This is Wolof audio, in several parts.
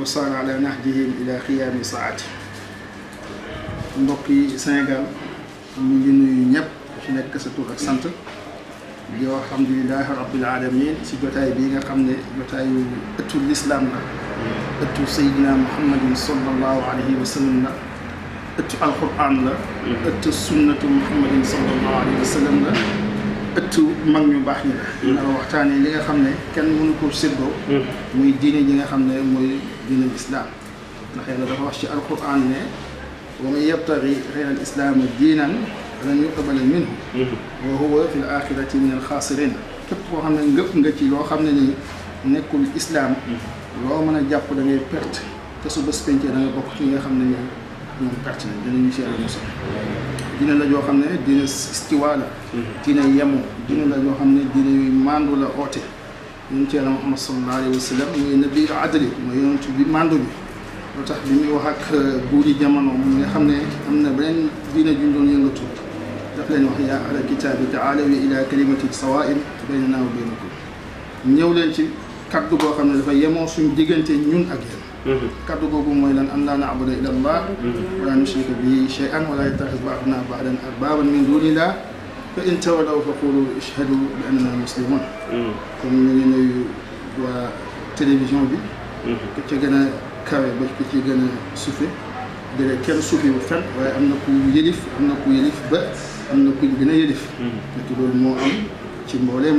وصار على نهجهم الى قيام ساعته مبقي سنغال نيجي نوي نيب في نيك ساتور اك سانت دي الحمد لله رب العالمين سي جوتاي بيغا خامني جوتاي اتو الاسلام اتو سيدنا محمد صلى الله عليه وسلم لا اتو القران اتو سنه محمد صلى الله عليه وسلم ëttu mag ñu baax ñi la ndax waxtaanee li nga xam ne kenn mënu ko séddoo muy diine ji nga xam ne mooy diine lislaam ndax yàlla dafa wax ci alquran ne wa man yabtagi xeyra al islaama diinan lan yuqbala minhu wa huwa fi l axirati min al xaasirin képp koo xam ne ngëpp nga ci loo xam ne ni nekkul islaam loo mën a jàpp da ngay perte te su bés pencee da nga bokk ci nga xam ne ni ñoom perte dina la joo xam ne dina istiwa dina yemoo dina la joo xam ne dina yuy mandu la oote ñun ci yàlla Muhammad sallallahu alayhi wa sallam mooy nabi adali mooy yonent bi mandu bi loo tax bi muy wax ak euh, yi jamono mu nga xam ne am na beneen diina juñ doon yëngatu daf leen wax yaa ala kitaabi taalaw ila kalimati sawaa'in baynanaa wa baynakum ñëw leen ci kaddu goo xam ne dafa yemoo suñu diggante ñun ak yéen كاتو بوبو مويلا ان لا نعبد الا الله ولا نشرك به شيئا ولا يتخذ بعضنا بعدا اربابا من دون الله فان تولوا فقولوا اشهدوا باننا مسلمون كم من و تلفزيون بي كتي غنا كاري با كتي غنا سوفي دير كير سوفي وفن واي امنا كو يليف امنا كو يليف با امنا كو غنا يليف كتي لول مو ام تي مولم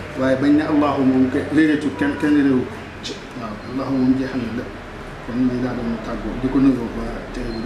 waaye bañ ne allahu moom ke réeréetu kenn kenn réewu waaw allahu moom jeexal na lépp kon nañ daa doon tàggoo di ko nuyoo ba tey